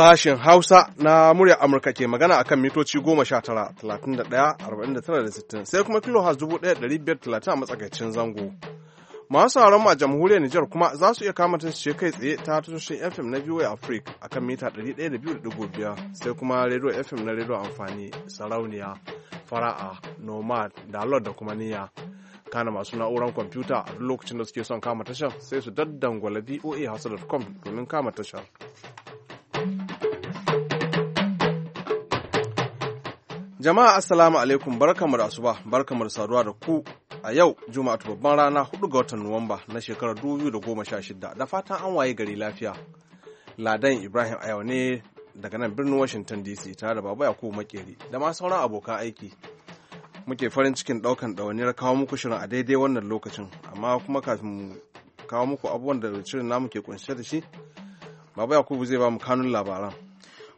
sashen Hausa na muryar Amurka ke magana akan mitoci 19-31-49-60 sai kuma kilohaz 1530 a matsakaicin zango. Masu sauran a jamhuriyar Nijar kuma za su iya kama su ce kai tsaye ta tushen FM na VOA Africa akan mita 102.5 sai kuma rediyo FM na rediyo amfani sarauniya fara'a nomad dalot da kuma niyya kana masu na'urar kwamfuta a duk lokacin da suke son kama tashar sai su daddangwala voa hausa.com domin kama tashar. Jama'a Assalamu alaikum barkamu da asuba barkamu da saduwa da ku a yau Juma'a babban rana 4 ga watan Nuwamba na shekarar 2016 da fatan an waye gari lafiya. Ladan Ibrahim a ne daga nan birnin Washington DC tare da Baba Yakubu Makeri da ma sauran abokan aiki. Muke farin cikin daukan ɗawainiyar kawo muku shirin a daidai wannan lokacin amma kuma kafin mu kawo muku abubuwan da shirin namu ke kunshe da shi Baba Yakubu zai ba mu kanun labaran.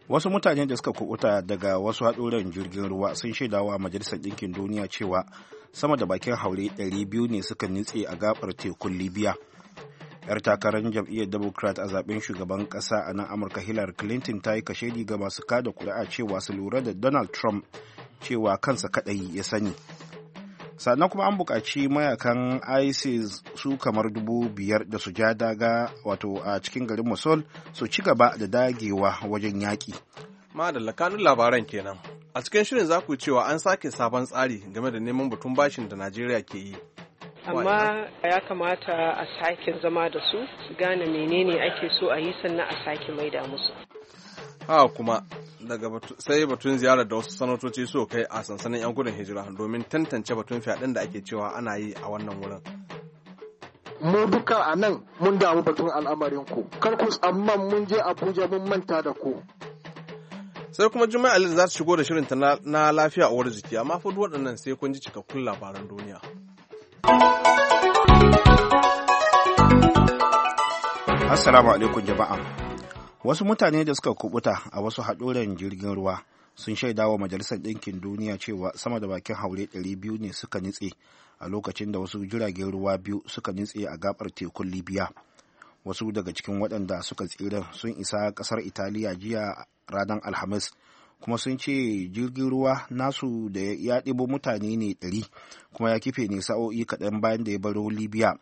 wasu mutane da suka kubuta daga wasu haɗuran jirgin ruwa sun shaida wa majalisar ɗinkin duniya cewa sama da bakin haure 200 ne suka nitse a gabar tekun libya yar takarar jam'iyyar democrat a zaben shugaban ƙasa a nan amurka hillary clinton ta yi kashedi ga masu kada kuri'a cewa su lura da donald trump cewa kansa kaɗai ya sani sannan kuma an buƙaci mayakan isis su kamar dubu biyar da su ja daga wato a cikin garin mosul su ci gaba da dagewa wajen yaƙi madalla kanun labaran kenan a cikin shirin za ku cewa an sake sabon tsari game da neman batun bashin da najeriya ke yi amma ya kamata a sake zama da su su gane menene ake so a yi sannan a sake maida musu ha kuma daga sai batun ziyarar da wasu sanatoci su kai a sansanin 'yan gudun hijira domin tantance batun fyaɗen da ake cewa ana yi a wannan wurin. mu duka a nan mun damu batun al'amarin ku kar ku tsamman mun je abuja mun manta da ku sai kuma juma'a ali za ta shigo da shirinta na lafiya uwar jiki amma fa waɗannan sai kun ji cikakkun labaran duniya assalamu alaikum jama'a wasu mutane da suka kubuta a wasu haɗoran jirgin ruwa sun shaida wa majalisar ɗinkin duniya cewa sama da bakin haure 200 ne suka nitse a lokacin da wasu jiragen ruwa biyu suka nitse a gabar tekun libya wasu daga cikin waɗanda suka tsira sun isa ƙasar italiya jiya ranar alhamis kuma sun ce jirgin ruwa nasu da ya ɗibo mutane ne 100 kuma ya kife ne sa'o'i kaɗan bayan da ya baro libya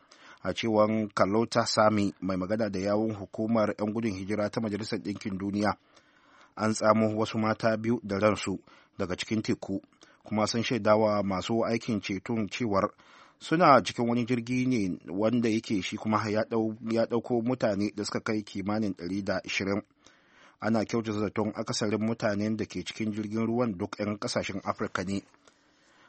a cewan kalota sami mai magana da yawun hukumar 'yan gudun hijira ta majalisar ɗinkin duniya an tsamo wasu mata biyu da ransu daga cikin teku kuma sun shaidawa masu aikin ceton cewar suna cikin wani jirgi ne wanda yake shi kuma ya ɗauko mutane da suka kai kimanin 120 ana kyauta zaton akasarin mutanen da ke cikin jirgin ruwan duk 'yan kasashen afirka ne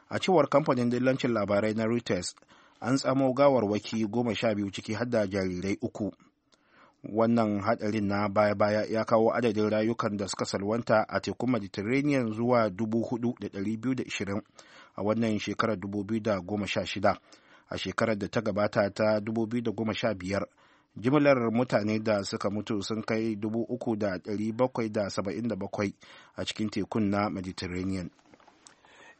a cewar kamfanin dillancin labarai na reuters an tsamo gawarwaki goma sha biyu ciki har jarirai uku wannan hadarin na baya-baya ya kawo adadin rayukan da suka salwanta a tekun mediterranean zuwa 4,220 a wannan shekarar 2016 a shekarar da ta gabata ta 2015 jimlar mutane da suka mutu sun kai 3,777 a cikin tekun na mediterranean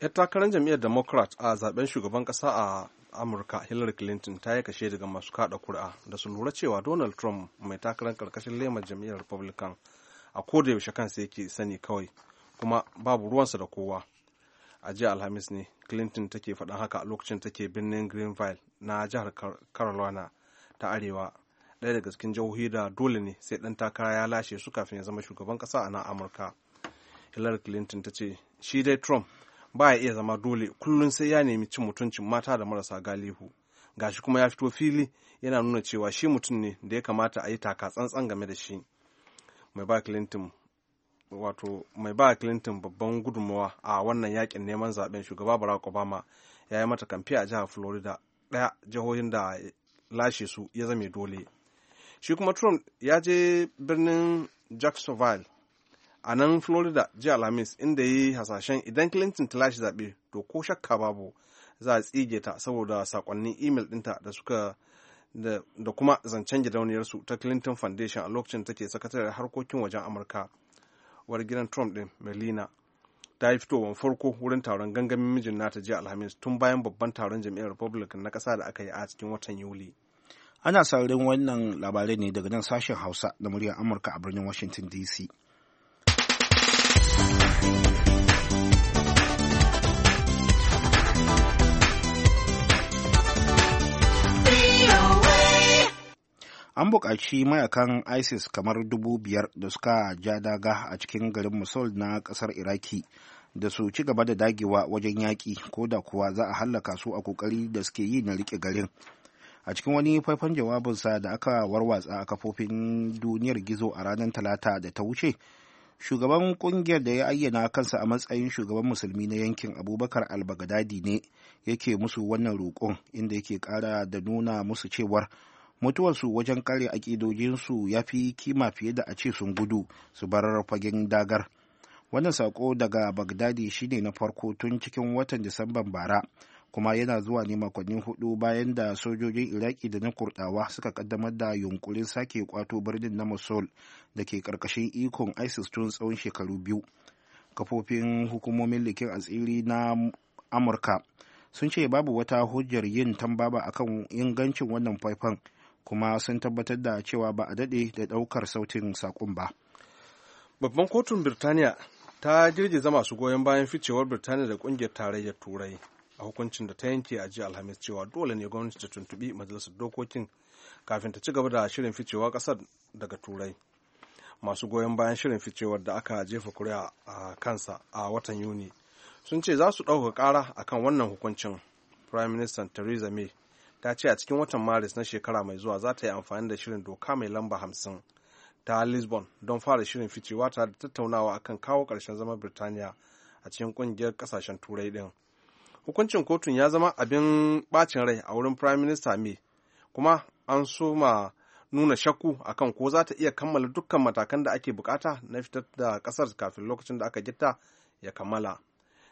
'yan takarar jam'iyyar democrat a zaben shugaban kasa a amurka hillary clinton ta yi kashe daga masu kada kuri'a da su lura cewa donald trump mai takarar karkashin lemar jam'iyyar republican a kodayaushe kansa yake sani kawai kuma babu ruwansa da kowa a jiya alhamis ne clinton take faɗin haka a lokacin take birnin greenville na jihar carolina ta arewa ɗaya daga cikin jihohi da dole ne sai ɗan takara ya lashe su kafin ya zama shugaban ƙasa a nan amurka hillary clinton ta ce shi dai trump ba ya iya zama dole kullum sai ya nemi cin mutuncin mata da marasa galihu gashi kuma ya fito fili yana nuna cewa shi mutum ne da ya kamata a yi taka tsantsan game da shi mai ba clinton babban gudunmawa a wannan yakin neman zaben shugaba barack obama ya yi mata kamfe a jihar florida daya jihohin da lashe su ya zame dole shi kuma trump ya je birnin jacksonville a nan florida jiya alhamis inda ya yi hasashen idan clinton ta lashe zaɓe to ko shakka babu za a tsige ta saboda sakonnin imel ɗinta da suka da kuma zancen gidauniyarsu ta clinton foundation a lokacin take sakatare harkokin wajen amurka war gidan trump din melina ta yi fitowar farko wurin taron gangamin mijin nata jiya alhamis tun bayan babban taron jam'iyyar republican na kasa da aka yi a cikin watan yuli ana saurin wannan labarai ne daga nan sashen hausa da muryar amurka a birnin washington dc an buƙaci mayakan isis kamar dubu biyar da suka ja daga a cikin garin mosul na ƙasar iraki da su ci gaba da dagewa wajen yaƙi ko da kuwa za a hallaka su a ƙoƙari da suke yi na riƙe garin a cikin wani faifan jawabinsa da aka warwatsa a kafofin duniyar gizo a ranar talata da ta wuce shugaban kungiyar da ya ayyana kansa a matsayin shugaban musulmi na yankin abubakar albagadadi ne yake musu wannan roƙon inda yake ƙara da nuna musu cewar mutuwarsu wajen kare aƙidojinsu ya fi kima fiye da a ce sun gudu su bar fagen dagar wannan saƙo daga bagdadi shine na farko tun cikin watan disamban bara kuma yana zuwa ne makonni hudu bayan da sojojin iraki da na kurdawa suka kaddamar da yunkurin sake kwato birnin na mosul da ke karkashin ikon isis tun tsawon shekaru biyu kafofin hukumomin likin asiri na amurka sun ce babu wata hujjar yin tambaba akan ingancin wannan faifan kuma sun tabbatar da cewa ba a dade da ɗaukar sautin saƙon ba babban kotun birtaniya ta girgiza masu goyon bayan ficewar birtaniya da kungiyar tarayyar turai a hukuncin da ta yanke a jiya alhamis cewa dole ne gwamnati ta tuntubi majalisar dokokin kafin ta ci gaba da shirin ficewa kasar daga turai masu goyon bayan shirin ficewar da aka jefa kuri'a a kansa a watan yuni sun ce za su ɗauka ƙara kan wannan hukuncin prime minister theresa may ta ce a cikin watan maris na shekara mai zuwa za ta yi amfani da shirin doka mai lamba hamsin ta lisbon don fara shirin ficewa tare da tattaunawa akan kawo ƙarshen zama birtaniya a cikin ƙungiyar ƙasashen turai din. hukuncin kotun ya zama abin bacin rai a wurin prime minister may kuma an so ma nuna shakku akan ko za ta iya kammala dukkan matakan da ake bukata na fitar da kasar kafin lokacin da aka gitta ya kammala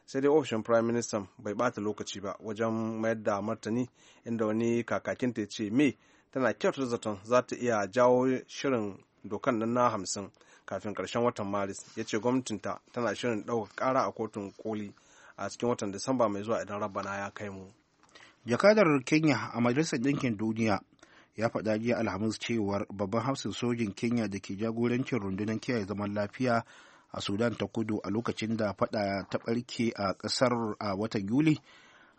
sai dai ofishin prime minister bai bata lokaci ba wajen mayar da martani inda wani kakakin ya ce mai tana kyautar zaton za ta iya jawo shirin dokan nan na hamsin kafin karshen watan maris ya ce gwamnatinta tana shirin ɗaukar kara a kotun koli a cikin watan disamba mai zuwa idan rabana ya kai mu jakadar kenya a majalisar ɗinkin duniya ya faɗa jiya alhamis cewar babban hafsin sojin kenya da ke jagorancin rundunar kiyaye zaman lafiya a sudan ta kudu a lokacin da faɗa ta ɓarke a ƙasar a watan yuli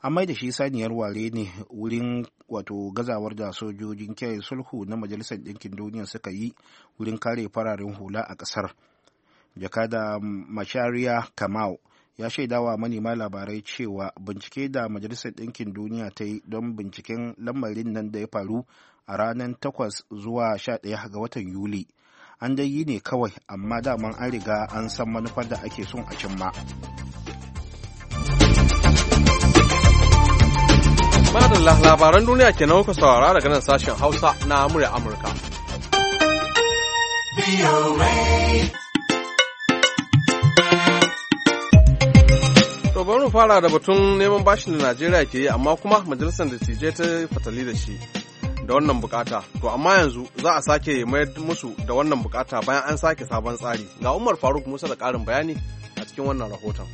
amma da shi saniyar ware ne wurin wato gazawar da sojojin kiyaye sulhu na majalisar ɗinkin duniya suka yi wurin kare fararen hula a ƙasar jakada mashariya kamau ya shaida wa manema labarai cewa bincike da majalisar ɗinkin duniya ta yi don binciken lamarin nan da ya faru a ranar 8 zuwa 11 ga watan yuli an dai yi ne kawai amma daman an riga an san manufar da ake son a cimma. Madalla labaran duniya ke nan kuka saurara daga nan sashen Hausa na Amurka. Amurka. To bari mu fara da batun neman bashin da Najeriya ke yi amma kuma majalisar da ce ta fatali da shi da wannan bukata. To amma yanzu za a sake mayar musu da wannan bukata bayan an sake sabon tsari. Ga Umar Faruk Musa da ƙarin bayani a cikin wannan rahoton.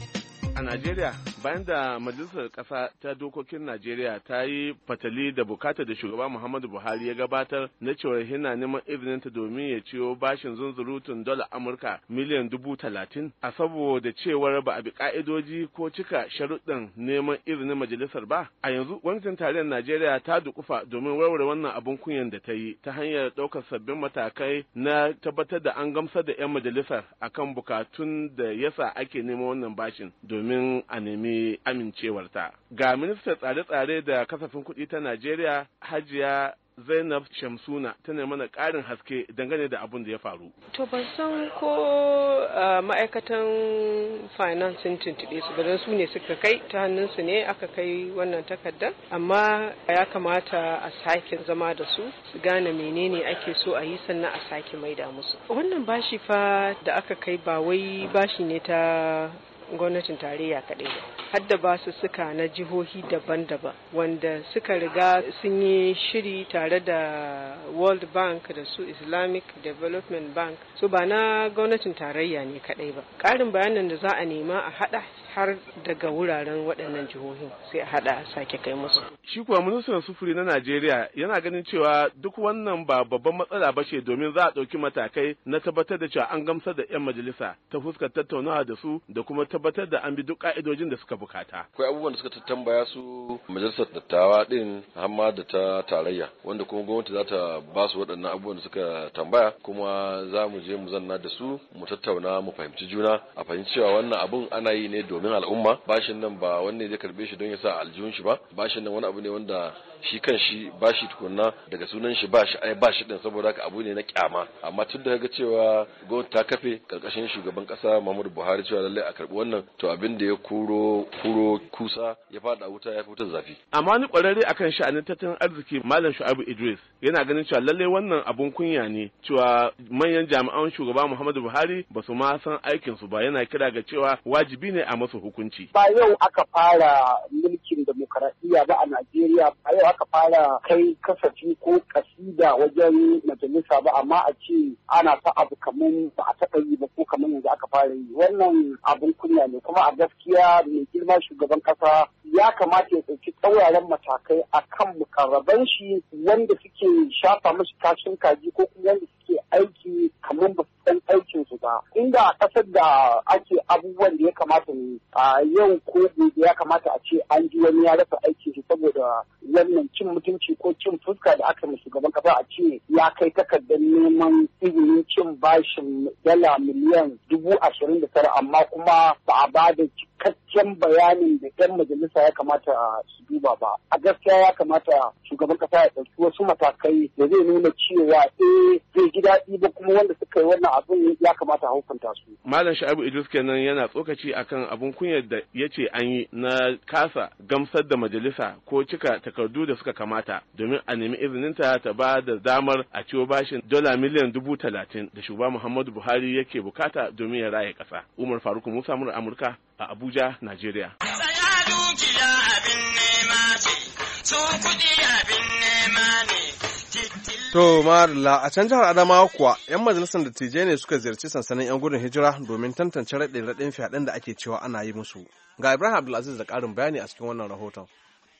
a Najeriya bayan da Majalisar Ƙasa ta Dokokin Najeriya ta yi fatali da bukatar da shugaba Muhammadu Buhari ya gabatar na cewa yana neman izinin ta domin ya ciyo bashin zunzurutun dola Amurka miliyan dubu talatin a saboda cewar ba a bi ka'idoji ko cika sharuɗin neman izinin majalisar ba a yanzu gwamnatin tarayyar Najeriya ta dukufa domin warware wannan abun kunyan da ta yi ta hanyar ɗaukar sabbin matakai na tabbatar da an gamsar da 'yan majalisar akan bukatun da yasa ake neman wannan bashin domin domin a nemi amincewarta. Ga ministan tsare-tsare da kasafin kuɗi ta Najeriya Hajiya Zainab Shamsuna ta mana ƙarin haske dangane da abin da ya faru. To ban san ko ma'aikatan finance sun tuntuɓe su ba su ne suka kai ta hannun su ne aka kai wannan takardar amma ya kamata a sake zama da su su gane menene ake so a yi sannan a sake maida musu. Wannan bashi fa da aka kai ba wai bashi ne ta gwamnatin tarayya kaɗai ba har da su suka na jihohi daban-daban wanda suka riga sun yi shiri tare da world bank da su islamic development bank su ba na gwamnatin tarayya ne kaɗai ba ƙarin bayanan da za a nema a haɗa har daga wuraren waɗannan jihohin sai a haɗa sake kai musu shi kuwa ministan sufuri na najeriya yana ganin cewa duk wannan ba babban matsala ba ce domin za a ɗauki matakai na tabbatar da cewa an gamsar da 'yan majalisa ta fuskar tattaunawa da su da kuma tabbatar da an bi duk ka'idojin da suka bukata. Akwai abubuwan da suka tambaya su majalisar dattawa din hamma da ta tarayya wanda kuma gwamnati za ta ba su waɗannan abubuwan da suka tambaya kuma za mu je mu zanna da su mu tattauna mu fahimci juna a fahimci cewa wannan abun ana yi ne domin al'umma bashin nan ba wanne zai karbe shi don ya sa aljihun shi ba bashin nan wani abu ne wanda shi kan shi shi tukunna daga sunan shi shi ai bashi din saboda haka abu ne na kyama amma tun da ga cewa gwamnati ta kafe karkashin shugaban kasa Muhammadu Buhari cewa lallai a karbi wannan to abin da ya kuro kuro kusa ya fada wuta ya fi wutar zafi amma ni kwararre akan sha'anin tattalin arziki malam shu'abu idris yana ganin cewa lalle wannan abun kunya ne cewa manyan jami'an shugaba muhammadu buhari ba su ma san aikin su ba yana kira ga cewa wajibi ne a masu hukunci ba yau aka fara mulkin demokaradiyya ba a najeriya ba yau aka fara kai kasafi ko kasida wajen majalisa ba amma a ce ana ta abu kamar ba a taɓa yi ba ko kamar yanzu aka fara yi wannan abun kunya duniya ne kuma a gaskiya mai girma shugaban kasa ya kamata ya ɗauki tsauraran matakai a kan mukarraban shi wanda suke shafa mashi kashin kaji ko kuma wanda suke aiki kamar ba ba inda kasar da ake abubuwan da ya kamata ne a yau ko gobe ya kamata a ce an ji wani ya rasa aiki su, saboda wannan cin mutunci ko cin fuska da aka musu gaban kasa a ce ya kai takardar neman izinin cin bashin dala miliyan dubu ashirin da tara amma kuma ba a ba da cikakken cikakken bayanin da 'yan majalisa ya kamata su duba ba a gaskiya ya kamata shugaban kasa ya ɗauki wasu matakai da zai nuna cewa eh zai gida daɗi ba kuma wanda suka yi wannan abin ya kamata a hukunta su malam sha'abu idris kenan yana tsokaci akan abun kunyar da ya ce an yi na kasa gamsar da majalisa ko cika takardu da suka kamata domin a nemi izininta ta ba da damar a ciwo bashin dola miliyan dubu talatin da shugaba muhammadu buhari yake bukata domin ya raya kasa. umar faruk musa mura amurka a abuja ƙasa Najeriya. abin nema kuɗi abin nema ne. To Marla, a can jihar Adamawa kuwa, 'yan majalisar dattijai ne suka ziyarci sansanin 'yan gudun hijira domin tantance raɗe-raɗin fyaɗen da ake cewa ana yi musu. Ga Ibrahim Abdulaziz da ƙarin bayani a cikin wannan rahoton.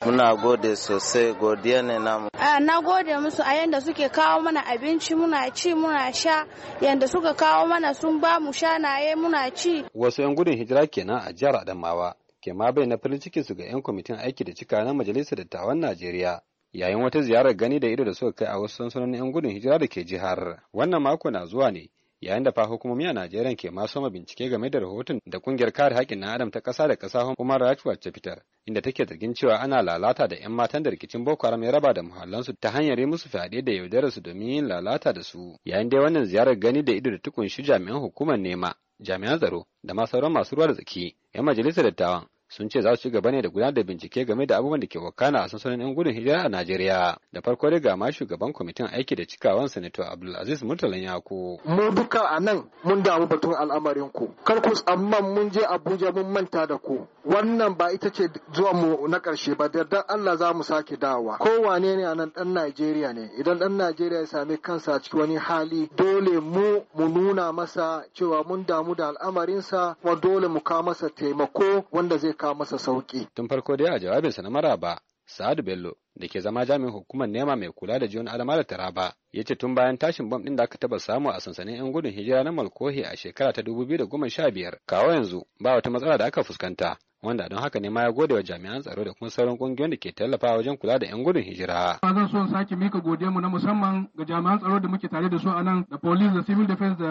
Muna gode sosai godiya ne namu. Ah, na gode musu a yadda suke kawo mana abinci muna ci muna sha yadda suka kawo mana sun ba mu shanaye muna ci. Wasu 'yan gudun hijira kenan a jihar Adamawa ke ma bai na farin ciki su ga 'yan kwamitin aiki da cika na majalisar dattawan Najeriya. Yayin wata ziyarar gani da ido da suka kai a wasu sansanonin 'yan gudun hijira da ke jihar. Wannan mako na zuwa ne yayin da fa hukumomi a Najeriya ke ma bincike game da rahoton da kungiyar kare haƙƙin na adam ta ƙasa da ƙasa Human Rights Watch ta fitar inda take zargin cewa ana lalata da 'yan matan da rikicin Boko Haram ya raba da muhallansu ta hanyar yi musu fyaɗe da yaudarar su domin yin lalata da su yayin dai wannan ziyarar gani da ido da tukunshi jami'an hukumar nema jami'an tsaro da ma sauran masu ruwa da tsaki 'yan majalisar dattawan sun ce za su ci gaba ne da gudanar da bincike game da abubuwan da ke wakana a sansanin 'yan gudun hijira a Najeriya. Da farko dai ga ma shugaban kwamitin aiki da cikawan Sanato Abdulaziz Murtalan Yako. Mu duka a nan mun damu batun al'amarin ku. Kar ku mun je Abuja mun manta da ku. Wannan ba ita ce zuwa mu na ƙarshe ba da dan Allah za mu sake dawa. wane ne a nan ɗan Najeriya ne. Idan ɗan Najeriya ya sami kansa a cikin wani hali dole mu mu nuna masa cewa mun damu da al'amarinsa kuma dole mu kawo masa taimako wanda zai kawo masa sauki. Tun farko dai a jawabinsa na maraba, Sa'adu Bello da ke zama jami'in hukumar nema mai kula da jiyon adama da taraba ya ce tun bayan tashin bam din da aka taba samu a sansanin 'yan gudun hijira na malkohi a shekara ta 2015 kawo yanzu ba wata matsala da aka fuskanta wanda don haka ne ma ya gode wa jami'an tsaro da kuma sauran kungiyoyin da ke tallafa wajen kula da 'yan gudun hijira. Ba zan so sake mika godiya mu na musamman ga jami'an tsaro da muke tare da su a nan da police da civil defense da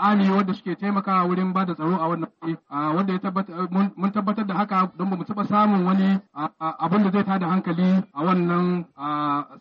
army wanda suke taimakawa wurin ba da tsaro a wannan wanda ya tabbatar mun tabbatar da haka don ba mu taba samun wani abin da zai tada hankali a wannan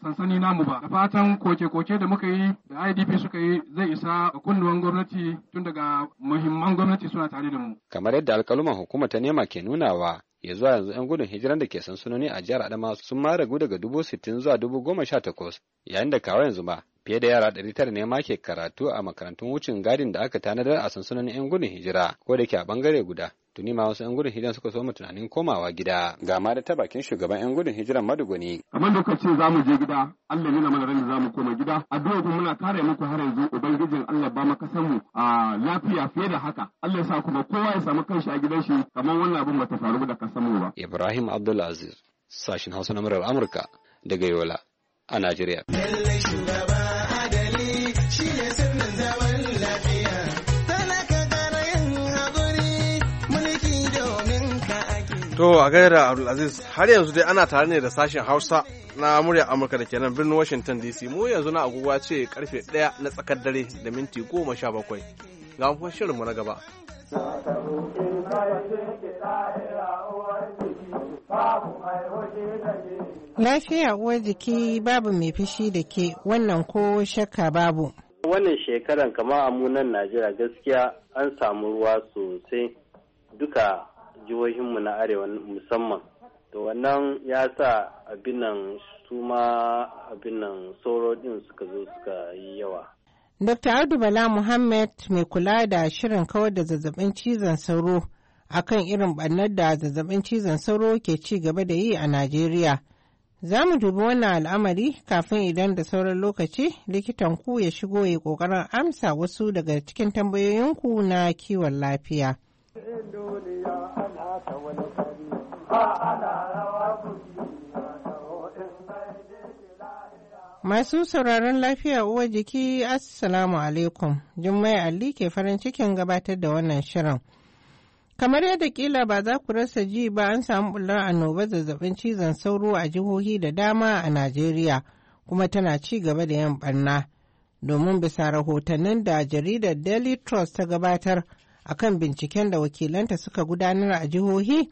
sansani namu ba. Da fatan koke-koke bincike da muka yi da IDP suka yi zai isa a kunnuwan gwamnati tun daga muhimman gwamnati suna tare da mu. Kamar yadda alkaluman hukumar ta nema ke nunawa ya zuwa yanzu 'yan gudun hijiran da ke sansanoni a jihar Adama sun ma ragu daga dubu sittin zuwa dubu goma sha takwas yayin da kawo yanzu ma fiye da yara ɗari tara ne ma ke karatu a makarantun wucin gadin da aka tanadar a sansanonin 'yan gudun hijira ko da ke a bangare guda tuni ma wasu 'yan gudun hijiran suka mu tunanin komawa gida ga ma da ta bakin shugaban 'yan gudun hijiran maduguni kamar da ce za mu je gida Allah nuna mana da za mu koma gida addu'a muna kare muku har yanzu ubangijin Allah ba maka mu a lafiya fiye da haka Allah ya sa kuma kowa ya samu kanshi a gidan shi kamar wannan abin bata faru da ka samu ba Ibrahim Abdulaziz sashin Hausa na murar Amurka daga Yola a Najeriya To a gaira Abdulaziz har yanzu dai ana tare ne da sashen Hausa na murya Amurka da kenan birnin Washington DC mu yanzu na agogo ce karfe 1 na tsakar dare da minti 17 ga kuma shirinmu na gaba. Lafiya uwar jiki babu mai fushi da ke wannan ko shakka babu. Wannan shekaran kamar a munan Najeriya gaskiya an samu ruwa sosai duka jihohinmu na arewa musamman to wannan ya sa abinan su ma abinan sauro din suka zo suka yi yawa dr abdu bala muhammad mai kula da shirin kawar da zazzabin cizon sauro a kan irin ɓannar da zazzabin cizon sauro ke ci gaba da yi a najeriya Za mu dubi wannan al'amari kafin idan da sauran lokaci likitan ku ya shigo ya ƙoƙarin amsa wasu daga cikin tambayoyinku na kiwon lafiya. Masu sauraron lafiya uwa jiki Assalamu alaikum, Jummai Ali ke farin cikin gabatar da wannan shirin. Kamar yadda kila ba za ku rasa ji ba an samu a annobar zazzabin cizon sauro a jihohi da dama a Najeriya kuma tana ci gaba da yan barna. Domin bisa rahotannin da jaridar Daily Trust ta gabatar akan binciken da wakilanta suka gudanar a jihohi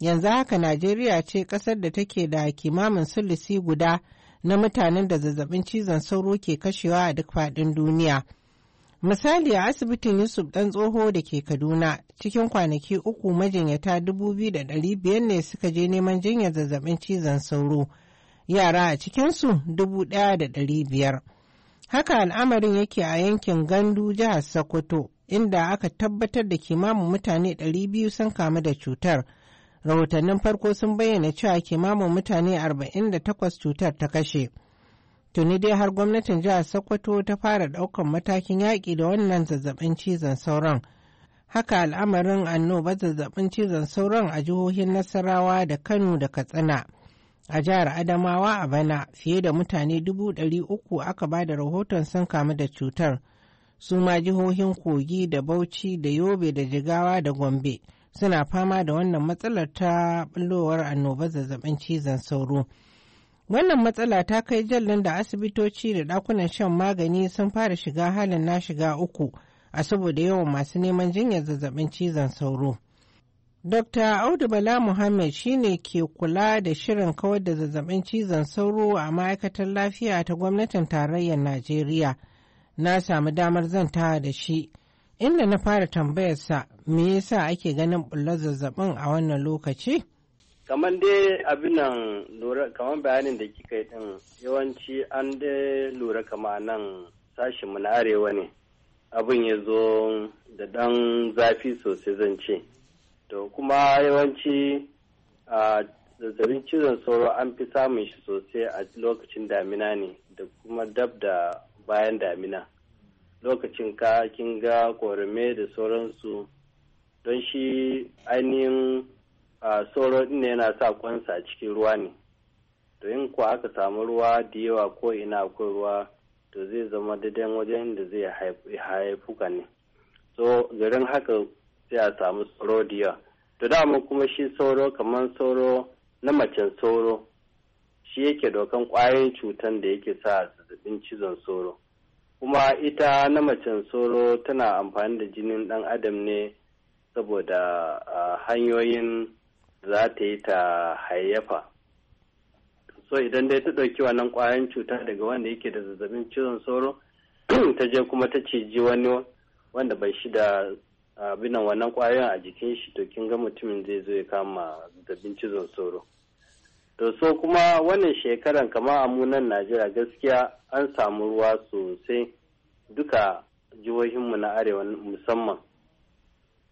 yanzu haka najeriya ce kasar da take da kimamin sulisi guda na mutanen da zazzabin cizon sauro ke kashewa a duk faɗin duniya misali a asibitin yusuf ɗan tsoho da ke kaduna cikin kwanaki uku majinyata biyar ne suka je neman jinyar zazzabin cizon sauro yara a cikinsu biyar. haka al'amarin yake a yankin gandu jihar sokoto inda aka tabbatar da kimamin mutane 200 sun kamu da cutar. Rahotannin farko sun bayyana cewa kimamin mutane 48 cutar ta kashe. Tuni dai har gwamnatin jihar Sokoto ta fara ɗaukar matakin yaƙi da wannan zazzabin cizon sauran, Haka al'amarin annoba zazzabin cizon sauran a jihohin Nasarawa da Kano da Katsina. A jihar Adamawa a bana fiye da mutane dubu ɗari uku aka ba da rahoton sun kamu da cutar. su ma jihohin kogi da bauchi da yobe da jigawa da gombe suna fama da wannan matsalar ta bullowar annobar zazzabin cizon sauro wannan matsala ta kai jallin da asibitoci da ɗakunan shan magani sun fara shiga halin na shiga uku a saboda yawan masu neman jinyar zazzabin cizon sauro dr audu bala muhammad shine ke kula da shirin kawar da zazzabin cizon sauro a ma'aikatar lafiya ta gwamnatin tarayyar najeriya na samu damar zanta da shi inda na fara tambayarsa me yasa ake ganin bullar zazzabin a wannan lokaci kamar dai abinan lura kamar bayanin da kika yi din yawanci an dai lura kama nan sashin mu na arewa ne abin ya zo da dan zafi sosai zan ce to kuma yawanci a zazzabin cizon sauro an fi samun shi sosai a lokacin damina ne da kuma dab da bayan damina lokacin ka kin ga ƙorame da sauransu don shi ainihin sauro ne yana sa kwansa a cikin ruwa ne to in kuwa aka samu ruwa da yawa ko ina akwai ruwa to zai zama daidai wajen da zai haifuka ne so garin haka sai a samu sauro da yawa to dama kuma shi sauro kamar sauro na macen sauro shi yake dokan kwayoyin cutan da yake sa zazzabin cizon sauro kuma ita na macen soro tana amfani da jinin dan adam ne saboda hanyoyin za ta yi ta hayyafa so idan dai ta ɗauki wannan ƙwayan cuta daga wanda yake da zazzabin cizon sauro ta je kuma ta ciji wani wanda bai shi da abinan wannan kwayoyin a jikin shi to kin ga mutumin zai zo ya kama zazzabin cizon sauro To so kuma wannan shekaran kamar a munan Najeriya gaskiya an samu ruwa sosai duka jihohinmu na arewa musamman.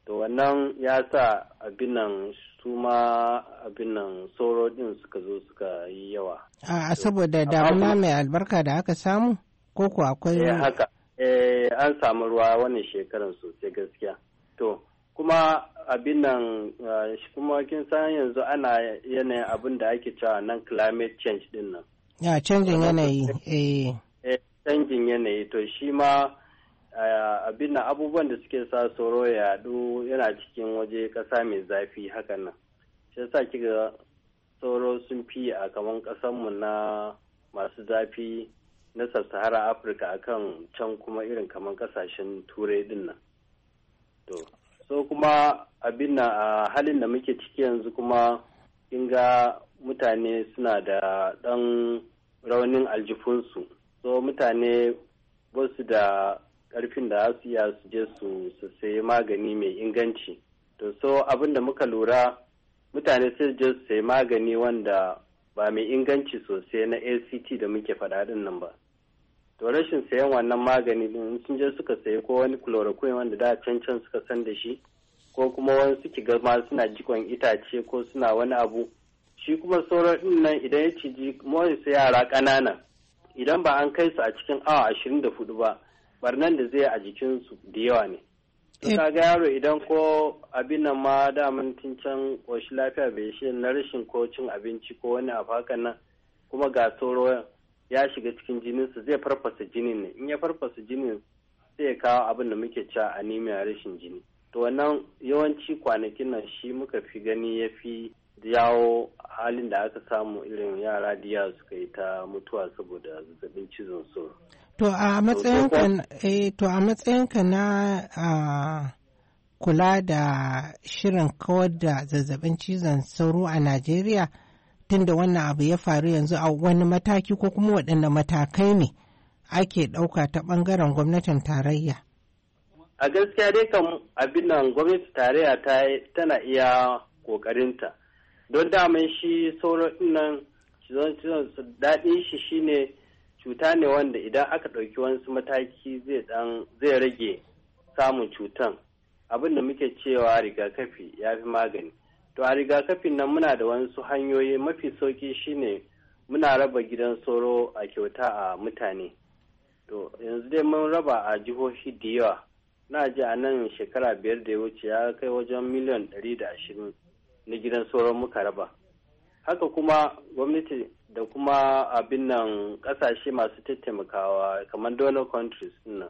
To wannan ya sa abin nan su ma abin nan sauro din suka zo suka yi yawa. A saboda damuna mai albarka da aka samu ko akwai Eh haka eh an samu ruwa wannan shekaran sosai gaskiya. To kuma abin nan ah, kuma kin san yanzu ana yanayin abin da ake cewa nan climate change din nan. Ya canjin yanayi. Eh. eh canjin yanayi to shi ma ah, abin nan abubuwan da suke sa tsoro ya yadu yana cikin waje ƙasa mai zafi haka nan. Shi sa kiga tsoro sun fi a kaman ƙasanmu na masu zafi na sub Afirka akan can kuma irin kaman ƙasashen turai din nan. so kuma abin na a halin da muke ciki yanzu kuma in ga mutane suna da ɗan raunin aljifunsu so mutane ba su da ƙarfin da su iya su je su sayi magani mai inganci to so abin da muka lura mutane sai je su sayi magani wanda ba mai inganci sosai na act da muke faɗaɗin nan ba to rashin sayan wannan magani din sun je suka sayi ko wani chloroquine wanda da can can suka san da shi ko kuma wani suke ga ma suna jikon itace ko suna wani abu shi kuma sauran din nan idan ya ciji su yara ƙanana idan ba an kai su a cikin awa ashirin da hudu ba barnan da zai a jikin su da yawa ne eh. ka ga yaro idan ko abin nan ma daman tun can ƙoshi lafiya bai shi na rashin ko cin abinci ko wani abu nan kuma ga sauro ya shiga cikin jininsu zai farfasa jinin ne in ya farfasa jinin sai kawo abin da muke cewa anemia rashin jini to wannan yawanci kwanakin nan shi muka fi gani ya fi jawo halin da aka samu irin yara diya suka yi ta mutuwa saboda zazzabin cizon sauro to a matsayinka eh to a ka na kula da shirin kawar da zazzabin cizon sauro a Najeriya tun da wannan abu ya faru yanzu a wani mataki ko kuma waɗanne matakai ne ake ɗauka ta ɓangaren gwamnatin tarayya? A gaskiya dai kan abin nan gwamnatin tarayya ta tana iya ƙoƙarinta. Don damar shi sauran nan cizon su daɗin shi shine cuta ne wanda idan aka ɗauki wasu mataki zai rage samun cutan. Abin da muke cewa rigakafi ya fi magani. to a rigakafin nan muna da wasu hanyoyi mafi sauki shine muna raba gidan soro a kyauta a mutane to yanzu dai mun raba a jihohi da yawa na ji a nan shekara biyar da ya wuce ya kai wajen miliyan ɗari da ashirin na gidan sauro muka raba haka kuma gwamnati da kuma abin nan ƙasashe masu tattaimakawa kamar donor countries nan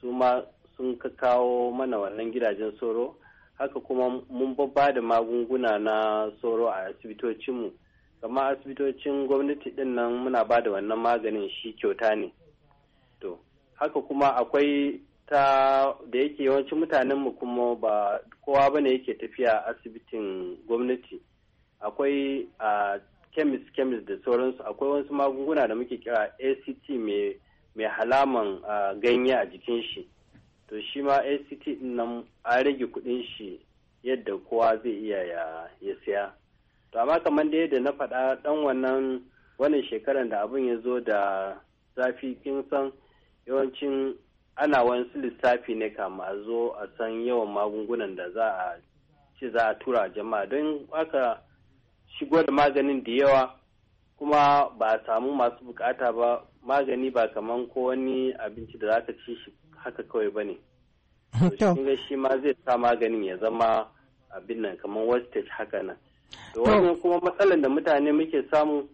su ma sun kawo mana wannan gidajen soro haka kuma mun babba da magunguna na soro a asibitocinmu kama asibitocin gwamnati din nan muna ba da wannan maganin shi kyauta ne to haka kuma akwai ta da yake yawancin mutanenmu kuma ba kowa ba ne yake tafiya asibitin gwamnati akwai a chemist chemist da sauransu akwai wasu magunguna da muke kira act mai halaman ganye a jikin shi to shi ma act din nan an rage kuɗin shi yadda kowa zai iya ya siya to amma kamar da yadda na faɗa ɗan wannan wannan shekaran da abin ya zo da zafi kin san yawancin ana wani lissafi ne kama a zo a san yawan magungunan da za a ci za a tura jama'a don aka shigo da maganin da yawa kuma ba a samu masu bukata ba magani ba kaman ko wani abinci da za ka ci shi haka kawai ba ne. To. shi ma zai sa maganin ya zama abin nan kamar wastage haka nan. Da wannan kuma matsalar da mutane muke samu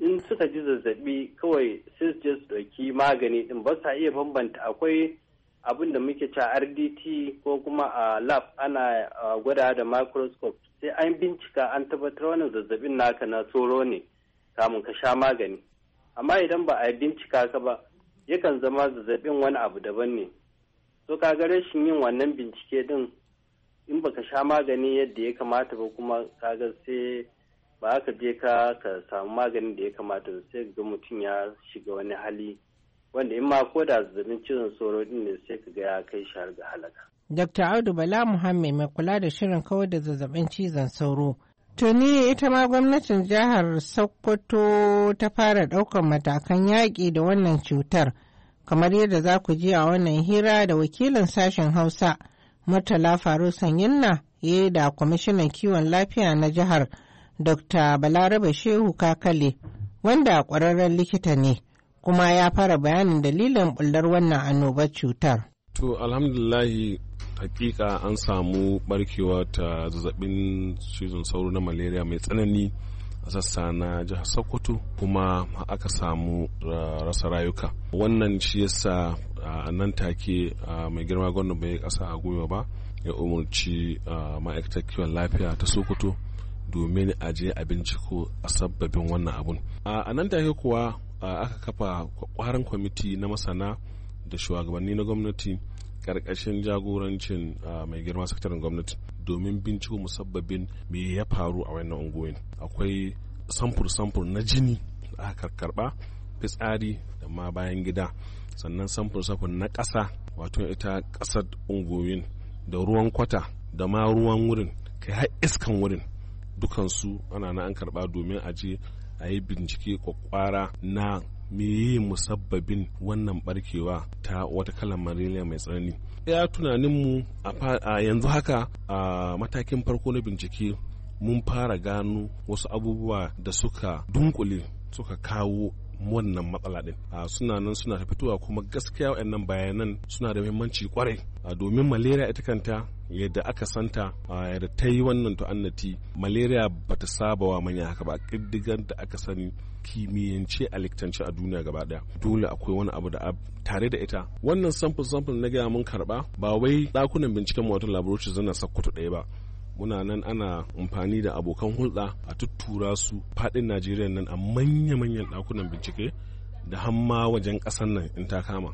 in suka ji zazzabi kawai sai su je su ɗauki magani ɗin ba sa iya bambanta akwai abin da muke ca RDT ko kuma a lab ana gwada da microscope sai an bincika an tabbatar wannan zazzabin naka na tsoro ne kamun ka sha magani amma idan ba a bincika ka ba yakan zama zazzabin wani abu daban ne to kaga rashin yin wannan bincike din in baka sha magani yadda ya kamata ba kuma kaga sai ba ka je ka ka samu maganin da ya kamata sai ga mutum ya shiga wani hali wanda in ma ko da zazzabin cizon sauro din ne sai ka ga ya kai shi har ga halaka. Dr. Audu Bala Muhammed mai kula da shirin kawar da zazzabin cizon sauro Tuni ita ma gwamnatin jihar Sokoto ta fara ɗaukar matakan yaƙi da wannan cutar, kamar yadda za ku ji a wannan hira da wakilin sashen Hausa, Murtala Faru Sanyinna ya da kwamishinan kiwon lafiya na jihar Dr. Balarabe Shehu Kakale, wanda ƙwararren likita ne, kuma ya fara bayanin dalilin bullar wannan annobar cutar. To, alhamdulillahi hakika an samu barkewa ta zazzabin cizon sauro na malaria mai tsanani a sassa na jihar sokoto kuma aka samu uh, rasa rayuka wannan shi yasa a uh, nan take uh, mai girma gwamna bai kasa a gwiwa ba ya umarci ma'aikatar kiwon lafiya ta sokoto domin a je a binciko a sababbin wannan abun a nan take kuwa aka kafa kwaran kwamiti na masana da shugabanni na gwamnati karkashin jagorancin ah, mai girma sakataren gwamnati domin binciko musabbabin me ya faru a wannan unguwoyin akwai samfur-samfur na jini da aka karba fitsari da ma bayan gida sannan samfur-samfur na ƙasa wato ita ƙasar unguwoyin da ruwan kwata da ma ruwan wurin kai har iskan wurin dukansu ana na an karba domin a je a yi bincike kwakwara na yi musabbabin wannan barkewa ta wata kalar malaria mai tsanani ya tunaninmu a yanzu haka a matakin farko na bincike mun fara gano wasu abubuwa da suka dunkule suka kawo wannan matsala din a suna nan suna fitowa kuma gaskiya waɗannan bayanan suna da muhimmanci kwarai a domin malaria ita kanta yadda aka santa yadda ta yi wannan annati malaria ba ta saba wa manya haka ba ƙiddigar da aka sani kimiyyance a liktance a duniya gaba daya dole akwai wani abu da tare da ita wannan samfur samfur na gaya mun karba ba wai ɗakunan binciken wato laboratories zana sakkwato ɗaya ba muna nan ana amfani da abokan hulɗa a tuttura su faɗin najeriya nan a manya-manyan ɗakunan bincike da hamma wajen ƙasar nan in ta kama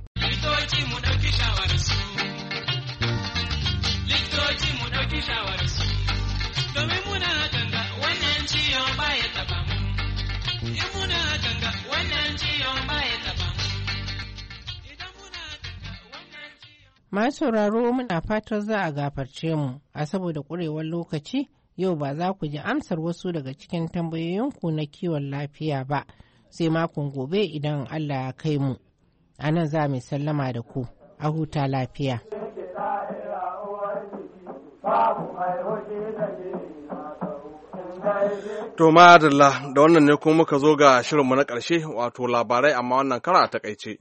Ma sauraro muna fatar za a gafarce mu, a saboda ƙurewar lokaci yau ba za ku ji amsar wasu daga cikin tambayoyinku na kiwon lafiya ba, sai makon gobe idan Allah ya kai mu. A nan za mu sallama da ku, a huta lafiya. To madalla da wannan ne kuma muka zo ga shirinmu na ƙarshe wato labarai amma wannan kara a takaice.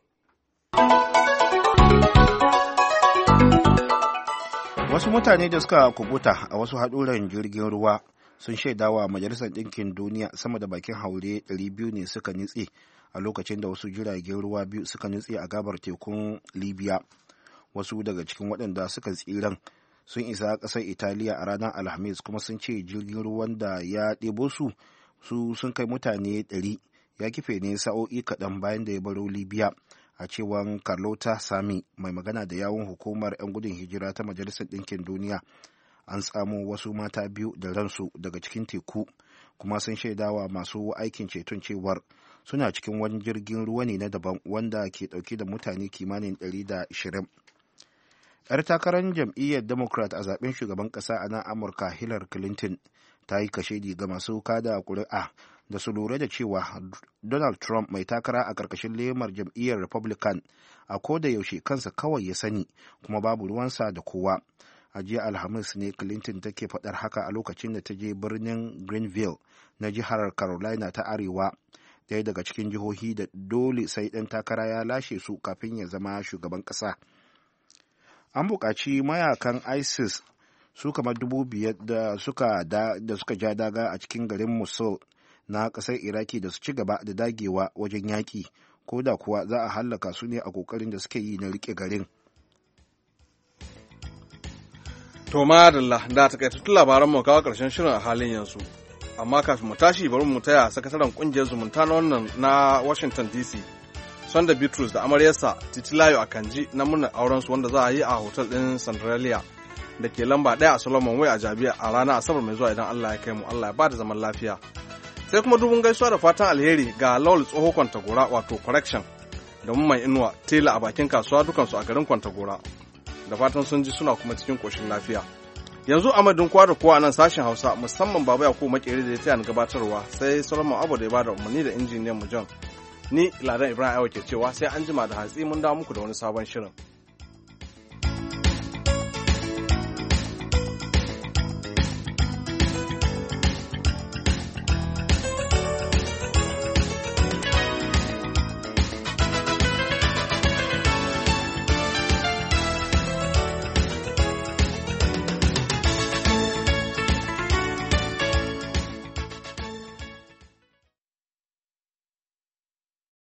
Wasu mutane da suka kubuta a wasu haɗuran jirgin ruwa sun shaidawa Majalisar Ɗinkin Duniya sama da bakin haure 200 ne suka nitse a lokacin da wasu jiragen ruwa biyu suka nutse a gabar tekun Libya. Wasu daga cikin waɗanda suka tsiran sun isa ƙasar italiya a ranar alhamis kuma sun ce jirgin ruwan da ya ɗebo su su sun kai mutane 100 ya kife ne sa'o'i kaɗan bayan da ya baro libya a cewan carlota sami mai magana da yawon hukumar 'yan gudun hijira ta majalisar ɗinkin duniya an tsamo wasu mata biyu da ransu daga cikin teku kuma sun shaidawa masu aikin ceton cewar suna cikin wani jirgin ruwa ne na daban wanda ke ɗauke da mutane kimanin 120 'yar takarar jam'iyyar democrat a zaben shugaban kasa a nan amurka hillary clinton ta yi kashedi ga masu kada kuri'a da su lura da cewa donald trump mai takara a karkashin lemar jam'iyyar republican a koda yaushe kansa kawai ya sani kuma babu ruwansa da kowa a jiya alhamis ne clinton take faɗar haka a lokacin da ta je birnin greenville na jihar carolina ta arewa ɗaya daga cikin jihohi da dole sai ɗan takara ya lashe su kafin ya zama shugaban ƙasa. an buƙaci mayakan isis su kama dubu biyar da suka da ja daga a cikin garin mosul na ƙasar iraki da su ci gaba da dagewa wajen yaƙi ko da kuwa za a hallaka su ne a ƙoƙarin da suke yi na riƙe garin to madalla da ta kai labaran mu kawo ƙarshen shirin a halin yanzu amma kafin mu tashi bari mu taya sakataren ƙungiyar zumunta na wannan na washington dc sanda bitrus da amaryarsa titilayo akanji na murnar aurensu wanda za a yi a hotel ɗin sandralia da ke lamba ɗaya a solomon way a jabiya a ranar asabar mai zuwa idan allah ya kai mu allah ya ba da zaman lafiya sai kuma dubun gaisuwa da fatan alheri ga lawal tsoho kwantagora wato correction da mu mai inuwa tela a bakin kasuwa dukansu a garin kwantagora da fatan sun ji suna kuma cikin koshin lafiya yanzu a madin kowa da kowa nan sashen hausa musamman baba yakubu Makeri da ya taya gabatarwa sai solomon abu da ya ba da umarni da injiniyan mu john ni Ladan Ibrahim Awa ke cewa sai an jima da hatsi mun dawo muku da wani sabon shirin.